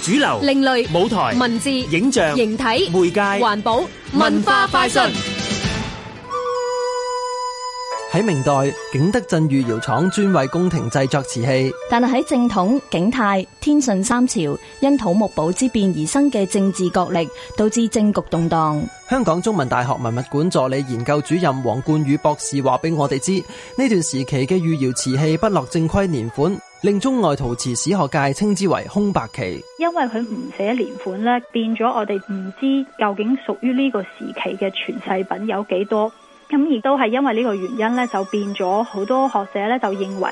主流、另類、舞台、文字、影像、形體、媒介、環保、文化、快訊。喺明代，景德鎮御窯廠專為宮廷製作瓷器。但係喺正統、景泰、天順三朝，因土木堡之變而生嘅政治角力，導致政局動盪。香港中文大學文物館助理研究主任黃冠宇博士話俾我哋知，呢段時期嘅御窯瓷器不落正規年款，令中外陶瓷史學界稱之為空白期。因為佢唔寫年款咧，變咗我哋唔知究竟屬於呢個時期嘅傳世品有幾多。咁亦都係因為呢個原因咧，就變咗好多學者咧就認為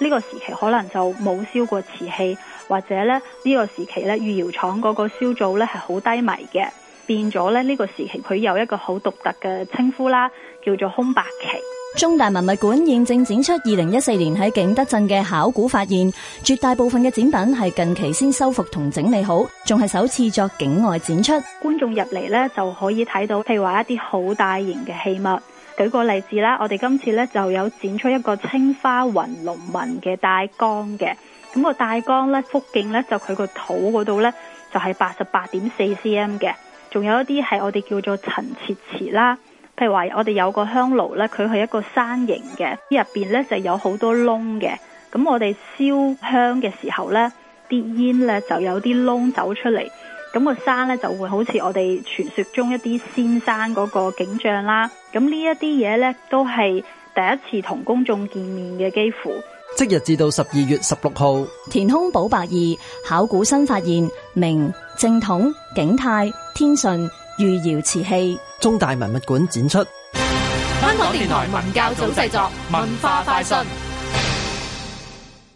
呢個時期可能就冇燒過瓷器，或者咧呢個時期咧御窑廠嗰個燒造咧係好低迷嘅，變咗咧呢個時期佢有一個好獨特嘅稱呼啦，叫做空白期。中大文物館現正展出二零一四年喺景德鎮嘅考古發現，絕大部分嘅展品係近期先修復同整理好，仲係首次作境外展出。觀眾入嚟咧，就可以睇到，譬如話一啲好大型嘅器物。舉個例子啦，我哋今次咧就有展出一個青花雲龍紋嘅大缸嘅，咁個大缸咧，腹徑咧就佢個肚嗰度咧就係八十八點四 cm 嘅，仲有一啲係我哋叫做陳設瓷啦，譬如話我哋有個香爐咧，佢係一個山形嘅，入邊咧就有好多窿嘅，咁我哋燒香嘅時候咧，啲煙咧就有啲窿走出嚟。咁個山咧就會好似我哋傳說中一啲仙山嗰個景象啦。咁呢一啲嘢咧都係第一次同公眾見面嘅，幾乎即日至到十二月十六號，填空補白二考古新發現，明正統景泰天順御窑瓷器，中大文物館展出。香港電台文教組製作，文化快訊。